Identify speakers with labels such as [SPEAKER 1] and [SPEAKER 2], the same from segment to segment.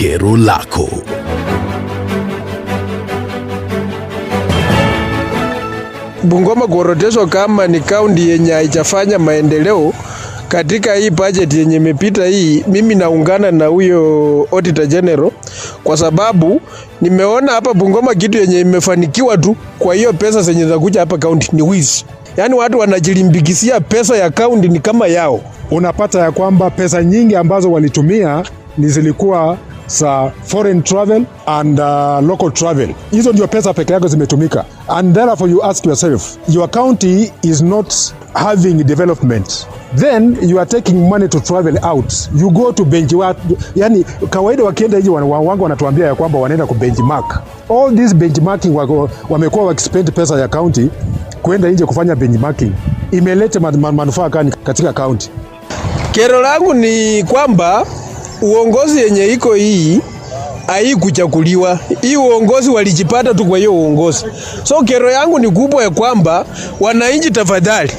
[SPEAKER 1] kero lako. Bungoma kuorodheshwa kama ni kaunti yenye haijafanya maendeleo katika hii bajeti yenye imepita hii, mimi naungana na huyo Auditor General kwa sababu nimeona hapa Bungoma kitu yenye imefanikiwa tu kwa hiyo pesa zenye zinakuja hapa kaunti ni wizi. Yaani watu wanajilimbikisia pesa ya kaunti ni kama yao.
[SPEAKER 2] Unapata ya kwamba pesa nyingi ambazo walitumia ni zilikuwa za foreign travel and uh, local travel. Hizo ndio pesa peke yake zimetumika, and therefore you ask yourself your county is not having development then you are taking money to travel out you go to benchmark. Yani kawaida wakienda hiji wangu wanatuambia ya kwamba wanaenda ku benchmark. All this benchmarking wamekuwa wakispend pesa ya county kwenda nje kufanya benchmarking, imeleta manufaa gani katika county?
[SPEAKER 1] Kero langu ni kwamba uongozi yenye iko hii kuchakuliwa hii uongozi walijipata tu. Kwa hiyo uongozi, so kero yangu ni kubwa ya kwamba wananchi, tafadhali,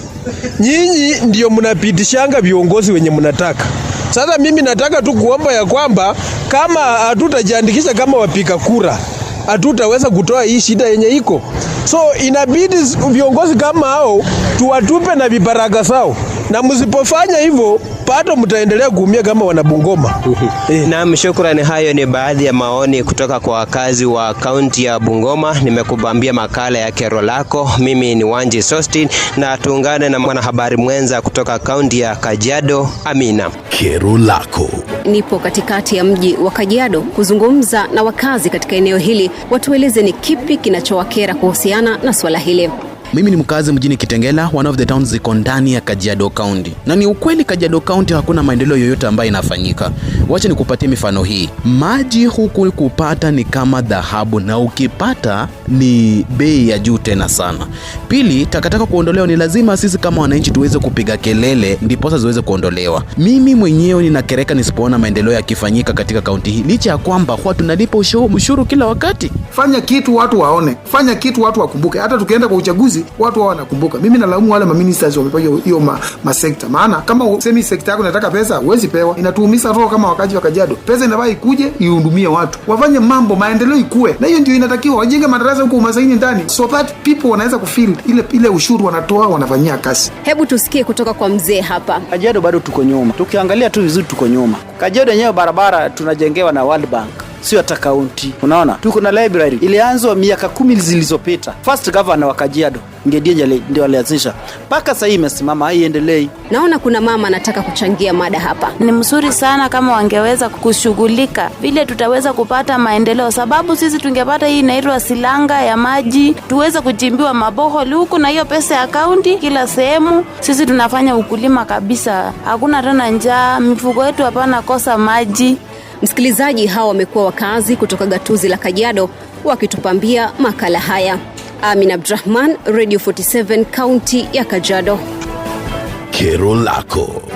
[SPEAKER 1] nyinyi ndio mnapitishanga viongozi wenye mnataka. Sasa mimi nataka tu kuomba ya kwamba kama hatutajiandikisha kama wapiga kura hatutaweza kutoa hii shida yenye iko. So inabidi viongozi kama hao tuwatupe na vibaraka sao, na msipofanya hivyo bado mtaendelea kuumia kama wanabungoma.
[SPEAKER 3] Eh. Naam, shukrani. Hayo ni baadhi ya maoni kutoka kwa wakazi wa kaunti ya Bungoma. Nimekubambia makala ya kero lako. Mimi ni Wanji Sostin, na tuungane na mwanahabari mwenza kutoka kaunti ya Kajiado, Amina. Kero
[SPEAKER 4] lako. Nipo katikati ya mji wa Kajiado kuzungumza na wakazi katika eneo hili watueleze ni kipi kinachowakera kuhusiana na swala hili.
[SPEAKER 5] Mimi ni mkazi mjini Kitengela, one of the towns ziko ndani ya Kajiado County, na ni ukweli Kajiado County hakuna maendeleo yoyote ambayo inafanyika. Wacha nikupatie mifano hii. Maji huku kupata ni kama dhahabu, na ukipata ni bei ya juu tena sana. Pili, takataka kuondolewa ni lazima sisi kama wananchi tuweze kupiga kelele ndiposa ziweze kuondolewa. Mimi mwenyewe ninakereka nisipoona maendeleo yakifanyika katika kaunti hii, licha ya kwamba huwa tunalipa ushuru kila wakati.
[SPEAKER 1] Fanya kitu watu waone, fanya kitu watu wakumbuke. Hata tukienda kwa uchaguzi kazi, watu wao wanakumbuka. Mimi nalaumu wale maministers wamepewa hiyo ma, ma maana kama semi sekta yako inataka pesa, huwezi pewa. Inatuumiza roho kama wakaji wa Kajiado. Pesa inabaki ikuje ihudumie watu, wafanye mambo, maendeleo ikue, na hiyo ndio inatakiwa. Wajenge madarasa huko umasaini ndani, so that people wanaweza kufeel ile ile ushuru wanatoa, wanafanyia kazi.
[SPEAKER 6] Hebu tusikie kutoka kwa mzee hapa.
[SPEAKER 7] Kajiado bado tuko nyuma, tukiangalia tu vizuri tuko nyuma. Kajiado yenyewe barabara tunajengewa na World Bank sio hata kaunti. Unaona, tuko na library ilianzwa miaka kumi zilizopita, first governor wa Kajiado Ngedie ndio alianzisha, mpaka sahii imesimama, haiendelei.
[SPEAKER 8] Naona kuna mama anataka kuchangia mada hapa.
[SPEAKER 9] Ni mzuri sana kama wangeweza kushughulika vile, tutaweza kupata maendeleo, sababu sisi tungepata hii inaitwa silanga ya maji, tuweze kuchimbiwa maboholi huku, na hiyo pesa ya kaunti kila sehemu. Sisi tunafanya ukulima kabisa, hakuna tena njaa, mifugo yetu hapana kosa maji.
[SPEAKER 4] Msikilizaji, hawa wamekuwa wakazi kutoka gatuzi la kajado wakitupambia makala haya. Amin Abdrahman, Radio 47 kaunti ya kajado Kero lako